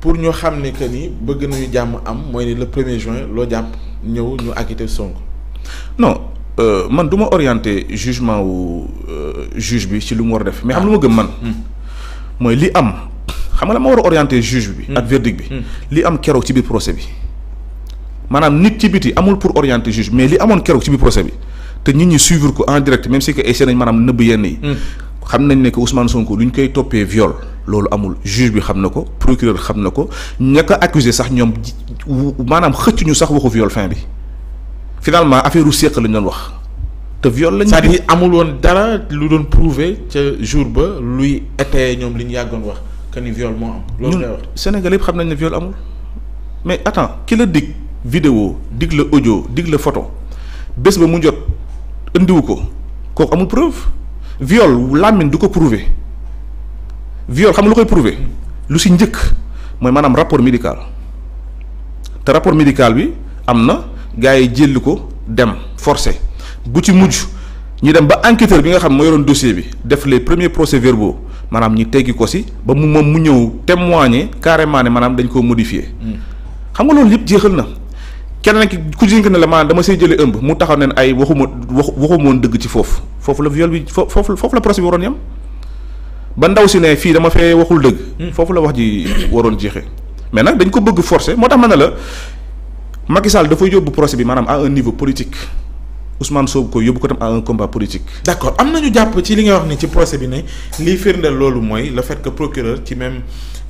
pour ñu xam ne que ni bëgg nañu jàmm am mooy ni le premier juin loo jàpp ñëw ñu acquitté Sonko non euh, man duma ma orienté jugement wu euh, juge bi ci lu mu war a def mais xam lu ma gëm man ah. hmm. mooy li am xam nga ma war a orienté juge bi ak hmm. verdict bi hmm. li am keroog ci biir procès bi maanaam nit ci biti amul pour orienter juge mais li amoon keroog ci biir procès bi te nit ñi suivre ko en direct même si que essayé nañ maanaam nëbb yenn yi xam nañ ne que Ousmane Sonko lu ñu koy toppee viol loolu amul juge bi xam na ko procureur xam na ko ña ko sax ñoom maanaam xëcc ñu sax waxu viol fin bi finalement affaire u séq lañ doon wax te viol lañ cest à amul woon dara lu doon prouver ca jour ba luy étayer ñoom li ñu yàggoon wax que ni viol moo am loolu Sénégal yëpp xam nañ ne viol amul mais attends ki la digg vidéo dig la audio dig la photo bés ba mu jot indiwu ko kooku amul preuve viol làmmiñ du ko prouver viol xam lu koy prouver lu si njëkk mooy maanaam rapport médical te rapport médical bi am na gars yi jëlli ko dem force bu ci mujj ñu dem ba enquêteur bi nga xam moo yoroon dossier bi def les premiers maanaam ñu teggi ko si ba mu moom mu ñëw témoigner carrément ne maanaam dañ koo modifier hmm. xam nga loolu yëpp jeexal na keneen ki ku jink ne la maanaam dama see jële ëmb mu taxaw ne ay waxuma waxu waxumoon dëgg ci foofu foofu la viol bi foofu foofu la procès bi waroon yem ba ndaw si ne fii dama fee waxul dëgg. Hmm. foofu la wax ji waroon jeexee. mais nag dañ ko bëgg forcer moo tax ma ne la Macky Sall dafa yóbbu procès bi maanaam à un niveau politique Ousmane Sonko yóbbu ko tam à un combat politique. d' accord am na ñu jàpp ci li nga wax ni ci procès bi ne lii firndeel loolu mooy le fait que procureur ci même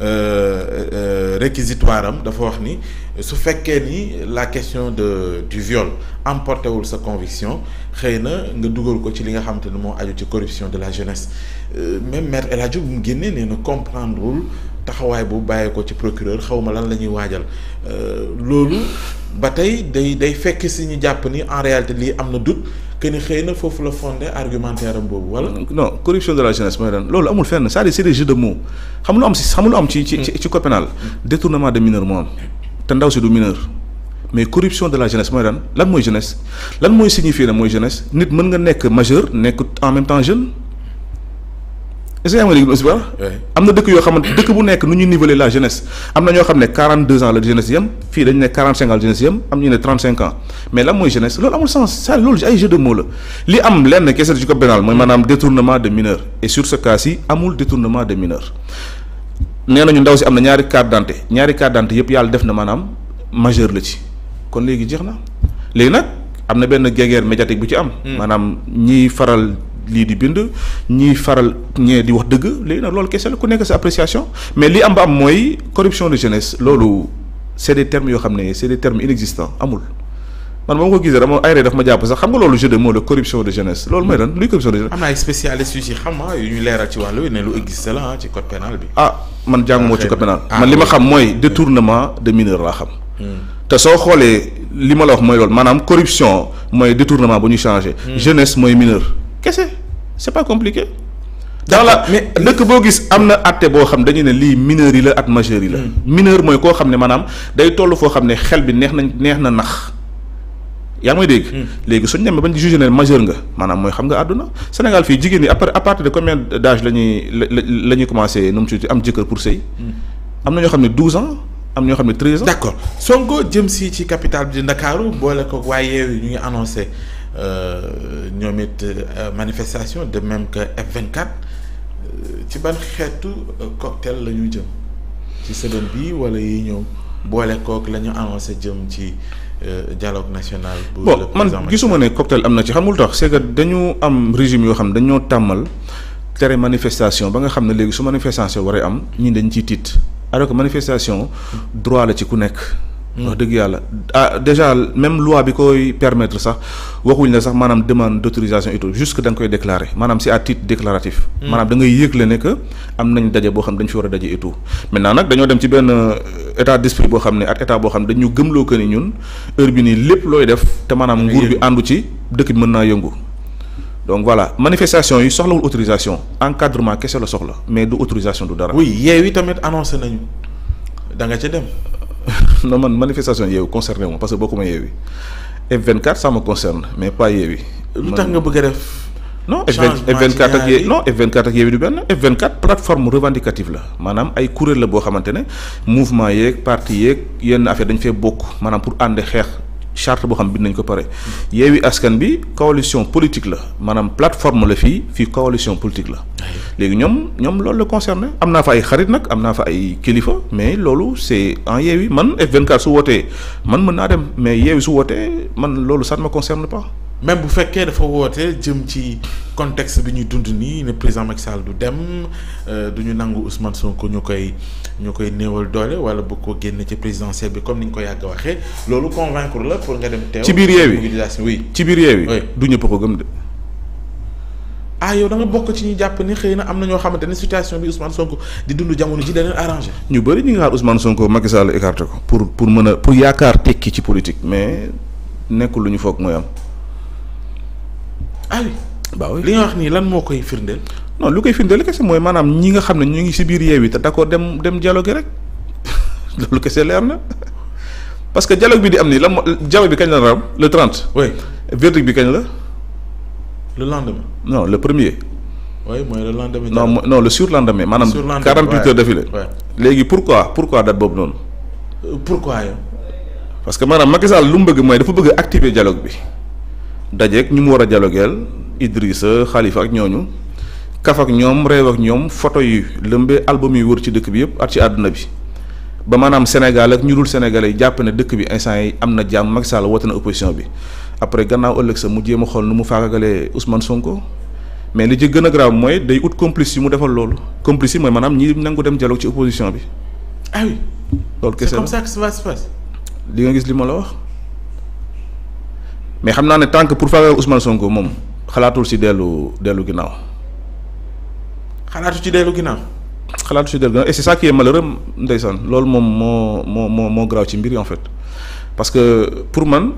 euh, euh, réquisitoire am dafa wax ni. su fekkee ni la question de du viol emporté wul sa conviction xëy na nga dugal ko ci li nga xamante ne moo aju ci corruption de la jeunesse euh, même maître El Hadji bu mu génnee nee na comprendre wul taxawaay bu bàyyee ko ci procureur xawma lan la ñuy waajal euh, loolu ba tey day day fekk si ñu jàpp ni en réalité lii am na doute que ni xëy na foofu la fondé argumentaire am boobu wala. Euh, non corruption de la jeunesse mooy lan loolu amul fenn c'est-à-dire c'est de mots xam am si xam am ci ci ci code pénal mm. détournement de mineur moo te ndaw si du mineur mais corruption de la jeunesse mooy lan lan mooy jeunesse lan mooy signifier ne mooy jeunesse nit mën nga nekk majeur nekk en même temps jeune est-ce am na dëkk yoo xamante dëkk bu nekk nu ñuy niveler la jeunesse am na ñoo xam ne 42 ans la jeunesse yem fii dañu ne 45 ans la jeunesse yem am ñu ne 35 ans mais lan mooy jeunesse loolu amul sens ça loolu ay jeu de mots la li am lenn kese ci ko pénal mooy maanaam de mineur sur ce cas-ci amul détournement de nee nañu ndaw si am na ñaari carte d'identité ñaari carte d'identité yëpp yàlla def na maanaam majeur la ci kon léegi jeex na léegi nag am na benn guerre médiatique bu ci am. Hmm. maanaam ñiy faral lii di bind ñiy faral ñee di wax dëgg léegi nag loolu kese la ku nekk sa appréciation mais li am ba am mooy corruption de jeunesse loolu c'est de termes yoo xam ne c'est des termes inexistants amul. man ba ma ko gisee dama ayre daf ma jàpp sax xam nga loolu jeu de mots la corruption de jeunesse loolu mooy lan luy corruption de jeunesse. am na ay spécialistes yu si xam ah yu ñu leeral ci wàllu ne lu existe la ah, ci code pénal bi. ah, ah xam mooy de mineur laa xam. Hmm. te soo xoolee li ma la wax mooy loolu maanaam corruption mooy détournement bu ñu changé. Hmm. jeunesse mooy mineur. kese c'est pas compliqué. dans la mais dëkk boo gis am na atte boo xam dañu ne lii mineur yi la ak majeur yi la. Hmm. mineur mooy koo xam ne maanaam day toll foo xam ne xel bi neex na neex na nax. yaa ngi may dégg. Hmm. léegi suñu demee bañ jugé ne majeur nga maanaam mooy xam nga àdduna Sénégal fii jigéen ñi à part à partir de combien d' âge la ñuy commencé noom mu tudd am jëkkër pour sëy hmm. am na ñoo xam ne 12 ans am ñoo xam ne 13 ans. d' accord Sonko jëm si ci capital bi di Ndakaaru boole ko waa Yewwi ñu ngi annoncé euh, ñoom it euh, manifestation de même que F24 euh, ci ban xeetu cocktail la ñu jëm ci semaine bii wala yi ñëw boole kook la ñu annoncé jëm ci. Euh, dialogue national. bu bon man gisuma ne cocktail am na ci xamul tax c'est que dañu am régime yoo xam dañoo tàmmal tere manifestation ba nga xam ne léegi su manifestation waree am ñii dañ ciy tiit alors manifestation droit la ci ku nekk. wax dëgg yàlla ah déjà même loi bi koy permettre sax waxuñ la sax maanaam demande d'autorisation et tout jusque da nga koy déclarer maanaam c'est à titre déclaratif. Hmm. maanaam da ngay yëgle ne que am nañ daje boo xam dañ fi a daje et tout. maintenant dañoo dem ci benn euh, état d'esprit xam ne ak état boo xam ne dañu gëmloo que ni ñun heure bi nii lépp looy def te maanaam nguur bi àndu ci dëkk bi mën naa yëngu. donc voilà manifestation yi soxlawul autorisation encadrement kese la soxla mais du autorisation du dara. oui yeew yi tamit annoncé nañu da nga ca dem. non man manifestation yeewu concerné wu parce que bokkuma yeewi F24 ça me concerne mais pas yeewi. lu tax nga bëgg a def. non F24 ak yee non ak yeewi du benn F24 plateforme revendicative la maanaam ay kuréel la boo xamante ne mouvement yeeg parti yeeg yenn affaire dañ fee bokk maanaam pour ànd xeex. charte boo xam bind nañ ko pare. yeewi askan bi coalition politique la maanaam plateforme la fii fii coalition politique la. léegi ñoom ñoom loolu la concerné am naa fa ay xarit nag am naa fa ay kilifa mais loolu c'est en yeewi man f su wootee man mën naa dem mais yeewi su wootee man loolu ça ma me concerne pas. même bu fekkee dafa wootee jëm ci contexte bi ñuy dund nii ne président Macky du dem euh, du ñu nangu Ousmane Sonko ñu koy ñu koy néewal doole wala bu ko génn ci présidentielle bi comme ni ñu ko yàgg waxee loolu convaincre la pour nga dem teew. ci biir yeewi mobilisation oui. ci biir yeewi du ñëpp ko gëm de. ah yow da bokk ci ñu jàpp ni xëy na am na ñoo xamante ne situation bi Ousmane Sonko di dund jamono ji da leen arrangé. ñu bëri ñu ngi xaar Ousmane Sonko Macky Sall écarté pour mën a pour yaakaar tekki ci politique mais nekkul lu ñu foog mooy am. ah oui li nga wax nii lan moo koy firndeel. non lu koy firndeel kese mooy maanaam ñi nga xam ne ñu ngi si biir yeew yi te d'accord dem dem dialogue rek loolu kese leer na parce que dialogue bi di am nii lan dialogue bi kañ la ram le 30. oui verdict bi kañ la. le lendemain. non le premier. oui mooy le lendemain. non non le surlendemain maanaam. surlendemain 48 heures d'affilée. léegi pourquoi pourquoi date boobu noonu. Euh, pourquoi yow. parce que maanaam Macky lu mu bëgg mooy dafa bëgg activer dialogue bi. dajeek ñu mu war a dialogeel Idrissa Khalifa ak ñooñu kaf ak ñoom réew ak ñoom photo yu lëmbee album yi wër ci dëkk bi yëpp at ci àdduna bi ba maanaam Sénégal ak ñu dul sénégalais jàpp ne dëkk bi instant yi am na jàmm Macky Sall woote na opposition bi après gannaaw ëllëg sa mu jéem a xool nu mu faagagalee Ousmane Sonko mais li ci gën a grave mooy day ut complice yi mu defal loolu complice mooy maanaam ñi nangu dem dialogue ci opposition bi. ah oui. loolu kese c'est comme li ma la wax. mais xam naa ne tant que pour faire Ousmane Sonko moom xalaatul si dellu dellu ginnaaw. xalaatu ci dellu ginnaaw. xalaatu ci dellu ginnaaw et c'est ça qui est ndeysaan loolu moom moo moo moo moo ci mbir en fait parce que pour man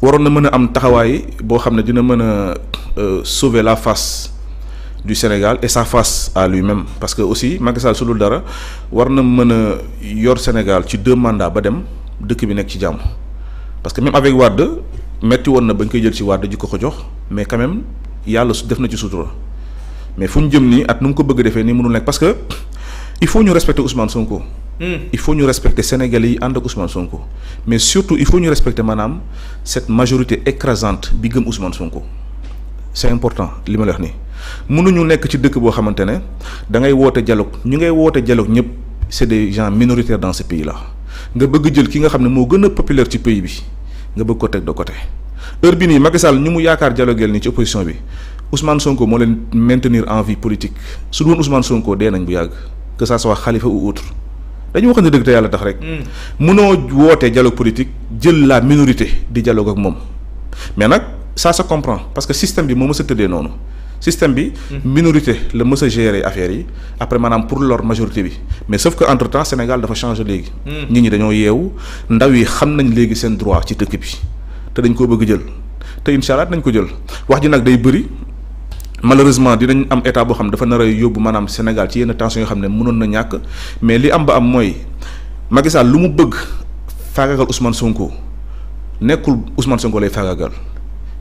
waroon na mën a am taxawaay boo xam ne dina mën a euh, sauver la face du Sénégal et sa face à lui-même parce que aussi Macky Sall su dul dara war na mën a yor Sénégal ci deux mandats ba dem dëkk bi nekk ci jàmm parce que même avec Wade metti woon na bañ koy jël ci waat ji ko ko jox mais quand même yàlla su def na ci sutura mais fu ñu jëm nii ak nu mu ko bëgg defee nii mënul nekk parce que il faut ñu respecter Ousmane Sonko. Hmm. il faut ñu respecter sénégal yi ànd ak Ousmane Sonko mais surtout il faut ñu respecter maanaam cette majorité écrasante bi gëm Ousmane Sonko c'est important li ma la wax nii mënuñu nekk ci dëkk boo xamante ne da ngay woote dialogue ñu ngay woote dialogue ñëpp c'est des gens minoritaires dans ce pays nga bëgg jël ki xam ne moo gën a populaire ci bi. nga bëgg ko teg de côté bi nii Macky Sall ñu mu yaakaar dialogueel nii ci opposition bi Ousmane Sonko moo leen maintenir en vie politique su doon Ousmane Sonko dee nañ bu yàgg que ça soit Khalifa ou autre dañu wax ne dëgg te yàlla tax rek. Hmm. mënoo woote dialogue politique jël la minorité di dialogue ak moom mais nag ça sa comprend parce que système bi moo mës a tëddee noonu. système bi. Mhm. minorité la mës a gérer affaire yi après maanaam pour lor majorité bi mais sauf que entre temps Sénégal dafa changé léegi. Mhm. nit ñi dañoo yeewu ndaw yi xam nañ léegi seen droit ci dëkk bi te dañ koo bëgg jël te incha nañ ko jël wax ji nag day bëri. malheureusement dinañ am état boo xam ne dafa nar yóbbu maanaam Sénégal ci yenn tension yoo xam ne mënoon na ñàkk mais li am ba am mooy Macky Sall lu mu bëgg faagaagal Ousmane Sonko nekkul Ousmane Sonko lay faagaagal.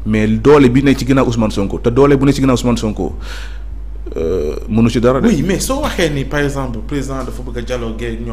mais doole bi ne ci ginnaaw Ousmane Sonko te doole bu ne ci ginnaaw Ousmane Sonko euh, mënu ci dara. oui mais soo waxee ni par exemple président dafa bëgg a dialoguer ñoom